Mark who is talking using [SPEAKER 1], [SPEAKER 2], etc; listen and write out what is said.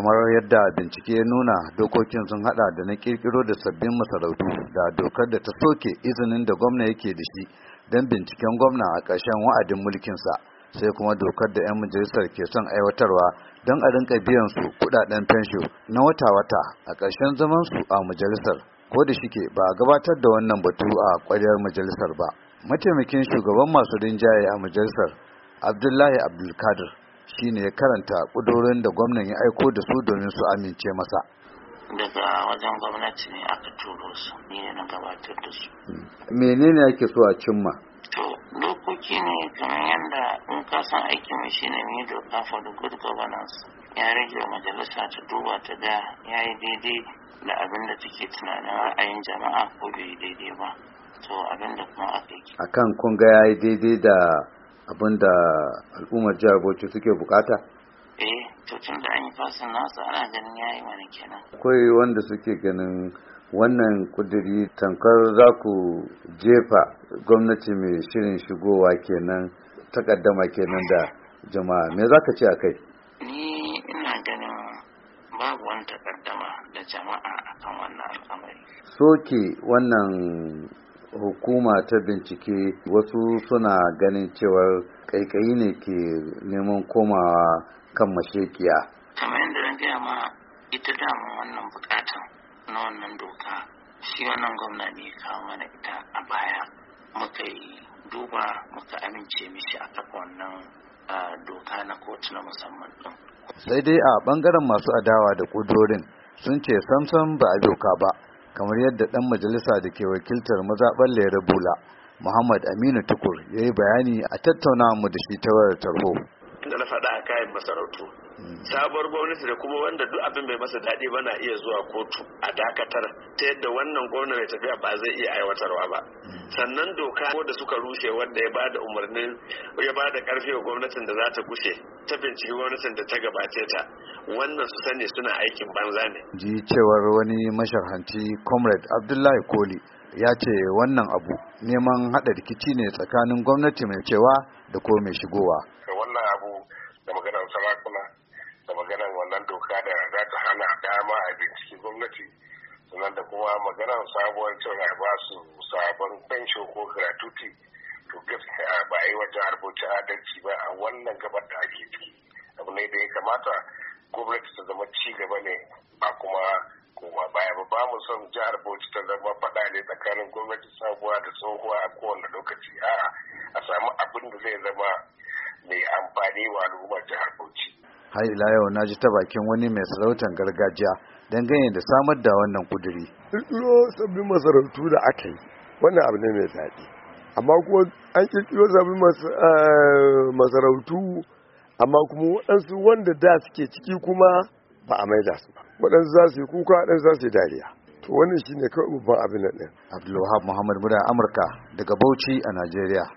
[SPEAKER 1] kamar yadda bincike ya nuna dokokin sun hada da na kirkiro da sabbin masarautu da dokar da ta soke izinin da gwamna yake da shi don binciken gwamna a ƙarshen wa'adin mulkinsa sai kuma dokar da 'yan majalisar ke son aiwatarwa don a rinka biyan su kudaden fensho na wata-wata a ƙarshen zaman su a majalisar ko da shike ba a gabatar da wannan batu a ƙwariyar majalisar ba mataimakin shugaban masu rinjaye a majalisar abdullahi abdulkadir shine ya karanta kudurin da gwamnan ya aiko da su domin su amince masa
[SPEAKER 2] daga wajen gwamnati ne aka turo su ni ne na gabatar da su
[SPEAKER 1] hmm. menene ake so a cimma to
[SPEAKER 2] dokoki ne kamar yadda in ka san aikin mai shi ne doka for the good governance ya rage majalisa ta duba ta ga yi daidai da abin da take tunanin ra'ayin jama'a ko bai daidai ba to abin da kuma aka yi
[SPEAKER 1] akan kun ga yi daidai da abinda al'ummar jihar bauchi suke bukata
[SPEAKER 2] eh to tun da an yi fasin nasu ana ganin ya yi mana kenan
[SPEAKER 1] akwai wanda suke ganin wannan kudiri tankar za ku jefa gwamnati mai shirin shigowa kenan takaddama kenan da jama'a me za ka ce a kai
[SPEAKER 2] ni ina ganin babu wani takaddama da jama'a akan wannan al'amari
[SPEAKER 1] soke wannan hukuma ta bincike wasu suna ganin cewar kaikayi ne ke neman komawa kan mashekiya.
[SPEAKER 2] kamar yadda na gaya ma ita dama wannan bukatan na wannan doka shi wannan gwamna ne ya kawo mana ita a baya muka yi duba muka amince mishi a kafa wannan doka na kotu na musamman din.
[SPEAKER 1] sai dai a ɓangaren masu adawa da kudurin sun ce samsam ba a doka ba kamar yadda ɗan majalisa da ke wakiltar mazaɓar lera bula muhammad aminu tukur ya yi bayani a tattauna mu da shi ta wayar tarho
[SPEAKER 3] da na faɗa a kayan masarautu hmm. sabuwar gwamnati da kuma wanda duk abin bai masa daɗi ba na iya zuwa kotu a dakatar ta yadda wannan gwamnati mai tafiya ba zai iya aiwatarwa ba hmm. sannan doka ko da suka rushe wanda ya ba da umarnin ya ba da ƙarfi wa gwamnatin da za ta gushe ta binciki gwamnatin da ta gabace ta wannan su
[SPEAKER 2] sani suna aikin banza ne
[SPEAKER 1] ji cewar wani masharhanci comrade abdullahi koli ya ce wannan abu neman haɗa rikici ne tsakanin gwamnati mai cewa da ko mai shigowa
[SPEAKER 3] wannan abu da maganar sarakuna da maganar wannan doka da za ta hana dama a binciki gwamnati sannan da kuma maganar sabuwar cewa ba su sabon fensho ko gratuity to gaskiya ba a yi wa jihar Bauchi adalci ba a wannan gabar da ake ciki abu ne da ya kamata gwamnati ta zama ci gaba ne ba kuma koma baya ba ba mu son jihar Bauchi ta zama faɗa ne tsakanin gwamnati sabuwa da tsohuwa a kowane lokaci a'a a samu abin da zai zama mai amfani wa al'ummar jihar Bauchi.
[SPEAKER 1] Har ila yau na ji ta bakin wani mai sarautar gargajiya dangane da samar da wannan kuduri. Ƙirƙiro sabbin masarautu
[SPEAKER 3] da aka yi wannan abu ne mai daɗi. amma kuma an kirkiro zabi eh, masarautu amma kuma waɗansu wanda da suke ciki kuma ba a maida su ba waɗansu za su yi kuka waɗansu za su yi dariya to wannan shine kawai babban abin nan ɗin abdulwahab muhammad muna amurka daga bauchi a najeriya